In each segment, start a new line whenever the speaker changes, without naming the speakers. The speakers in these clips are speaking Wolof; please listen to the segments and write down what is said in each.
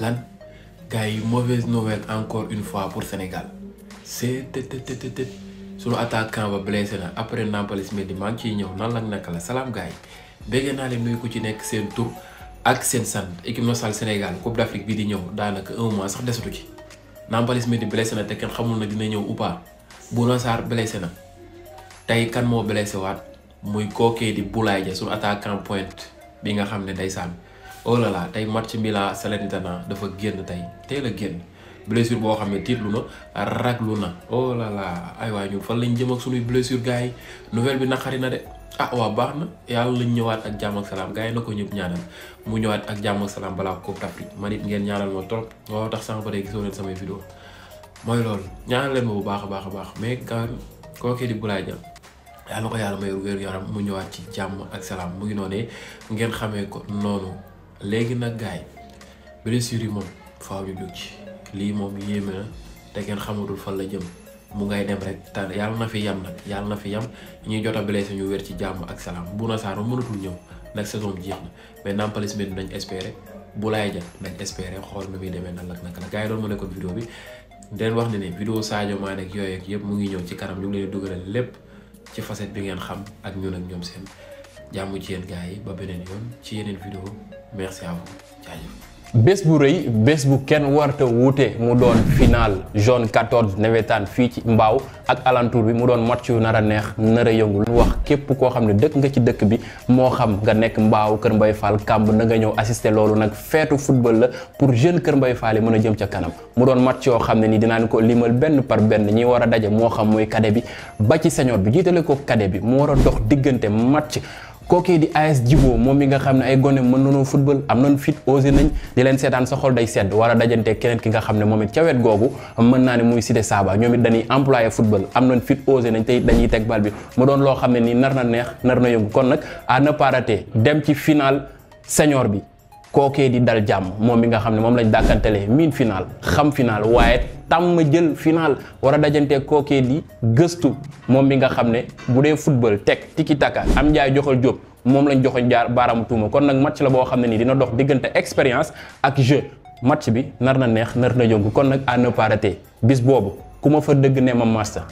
lan gars yi mauvaise nouvelle encore une fois pour Sénégal c'est tëtëtëtët sunu attaquant ba blessé na après Nampalys Mendy maa ngi ciy ñëw nan la naka la salaam gars yi naa leen nuyu ko ci nekk seen tur ak seen san équipe nationale Sénégal Coupe d'Afrique bi di ñëw daanaka un mois sax desatu ci Nampalys Mendy blessé na te kenn xamul na dina ñëw ou pas Bouna Sarr blessé na tey kan moo blessé waat muy kookee di Boulaye Dia sunu attaquant pointe bi nga xam ne ndeysaan oh là là tey match Milan Salernitana dafa génn tey teel a génn blessure boo xam ne lu na raglu na oh là ay waa ñun fan lañ jëm ak sunuy blessure gars yi nouvelle bi naqari na de ah baax na yàlla lañ ñëwaat ak jàmm ak salaam gars na ko ñëpp ñaanal mu ñëwaat ak jàmm ak salaam balaa Coupe d'Afrique man ngeen ñaanal ma trop waaw tax sànq ba tey gisoo leen samay vidéo mooy loolu ñaanal leen ma bu baax a baax a baax mais quand même kookee di Boulaye Dia yàlla na ko yàlla may wér yaram mu ñëwaat ci jàmm ak salaam mu ngi noonee ngeen xamee ko noonu léegi nag gaay blessure yi moom faaw ñu jóg ci lii moom yéeme na te ngeen xamatul fan la jëm mu ngay dem rek te yàlla na fi yam nag yàlla na fi yam ñuy jot a blessé ñu wér ci jàmm ak salaam Bouna Sarr mënatul ñëw nag saison bi jeex na mais Nampalys Mendy nañ bu Boulaye Dia nañ espérer xool nu muy demee nan lak naka la gars yi doon ma nekkoon vidéo bi den wax ne ne vidéo saajo Mané ak yooyu ak yëpp mu ngi ñëw ci kanam ñu ngi leen dugalal lépp ci facette bi ngeen xam ak ñun ak ñoom seen jàmm ci yéen gars yi ba ci yeneen vidéo merci bés bu rëy bés bu kenn warta wuute mu doon final zone 14 nawetaan fii ci Mbaaw ak alentour bi mu doon match yu nar a neex nar a yëngu lu wax képp koo xam ne dëkk nga ci dëkk bi moo xam nga nekk Mbaaw Kër Mbay Fall kàmb na nga ñëw assister loolu nag feetu football la pour jeune Kër Mbay Fall yi mën a jëm ca kanam mu doon match yoo xam ne nii ni ne ko limal benn par benn ñi war a daje moo xam mooy cadet bi ba ci senior bi jiitale ko cadet bi mu war a dox diggante match kookee di AS Djibo moom mi nga xam ne ay gone mën na nañoo football am nañ fit osé nañ di leen seetaan sa xol day sedd war a dajante keneen ki nga xam ne moom it ca wet googu mën naa ne muy Cité Saba ñoom it dañuy employé football am nañ fit osé nañ tey dañuy teg bal bi mu doon loo xam ne nii nar na neex nar na yëngu kon nag à ne pas dem ci finaal senior bi kookee di dal jàmm moom mi nga xam ne moom lañ dàkkantele miin final xam final waaye tàmm jël final war a dajante kookee di gëstu moom mi nga xam ne bu dee football teg tiki taka am njaay joxal jóob moom lañ joxoñ jaar baaraamu tuuma kon nag match la boo xam ne nii dina dox diggante expérience ak jeu match bi nar na neex nar na yëngu kon nag à ne bis boobu ku ma fa dëgg ne ma master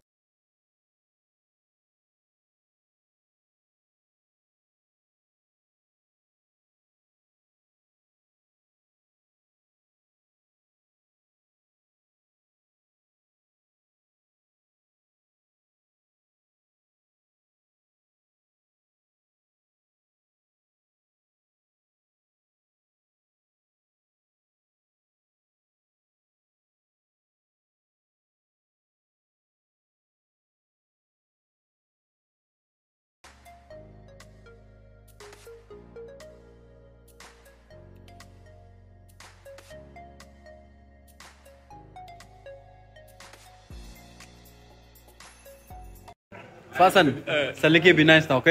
Fassane sa liggéey bi nice na ok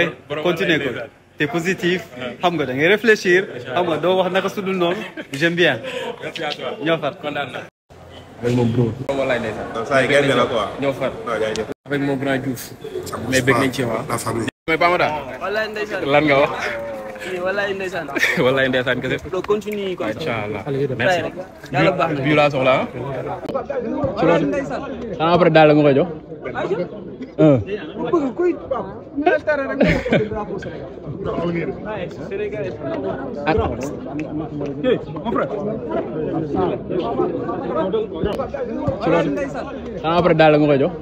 continue ko te positif xam nga da ngay réfléchir xam nga doo wax naka sudul noonu j'aime bien ñoo far kontaan na avec mon bro. walaay ndeysaan. saa yi gën la quoi. ñoo far. avec mon grand Diouf. mais bëgg nañ ci waaw. mais Bamada. lan nga wax. wallaay ndeysaan. wallaay ndeysaan allah merci. yàlla baax na bii laa soxla ah. daal la nga koy jox.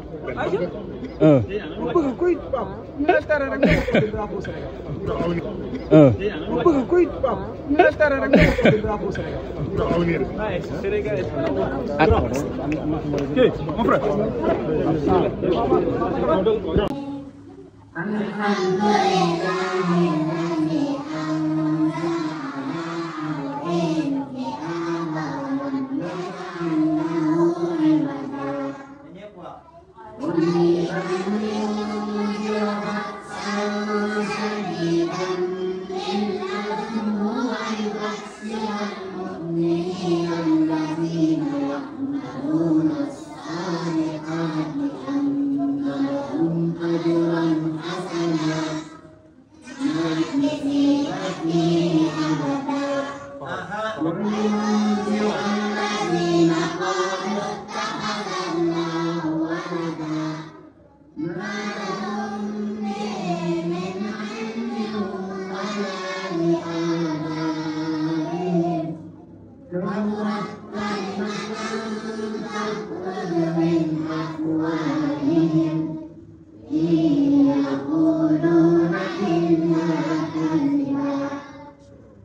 bëgg kuy am. rek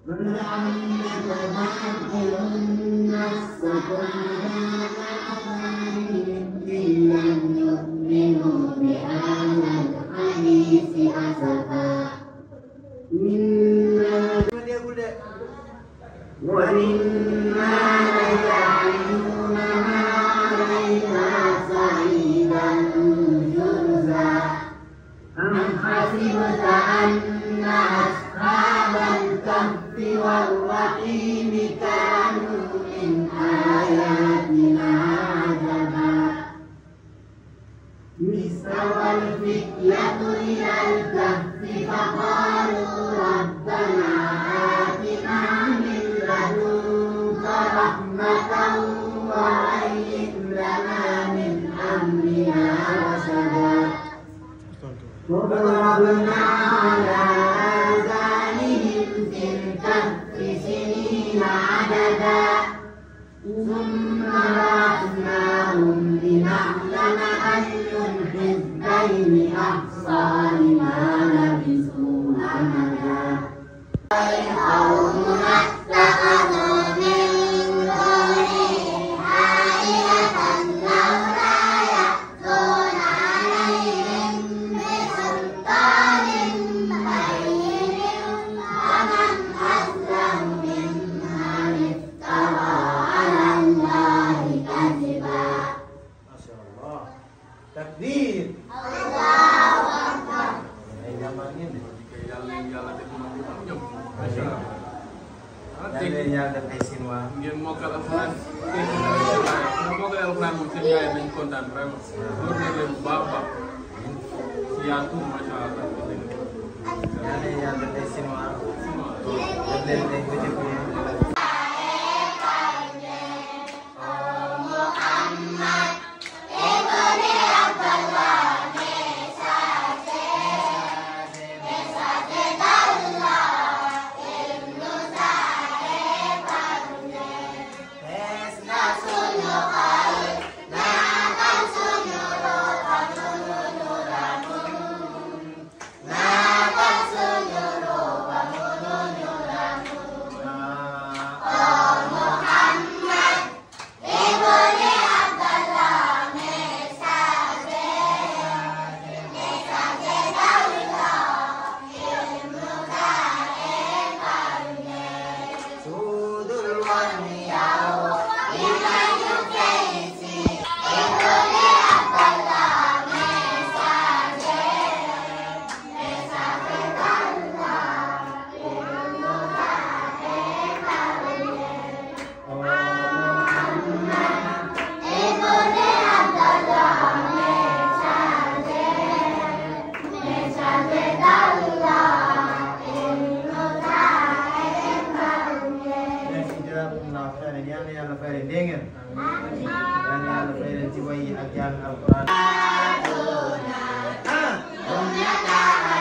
لعلك باخع نفسك إذا عذابهم إن لم يؤمنوا بهذا الحديث أسفا إنا ولله قوم ما اتخذوا leen yàlla def ay seen waa. ngeen mokkal alxuraan. ngeen mokkal alxuraan moom seen yaay nañ kontaan vraiment. loolu la leen bu baax a baax. yaatu macha allah. yàlla leen yàlla def ay seen waa. def leen ay bëccëg jazaakum laahu xayran yal na yàlla fay leen dégg ngeen yal na yàlla fay leen ci way yi ak jàng alquran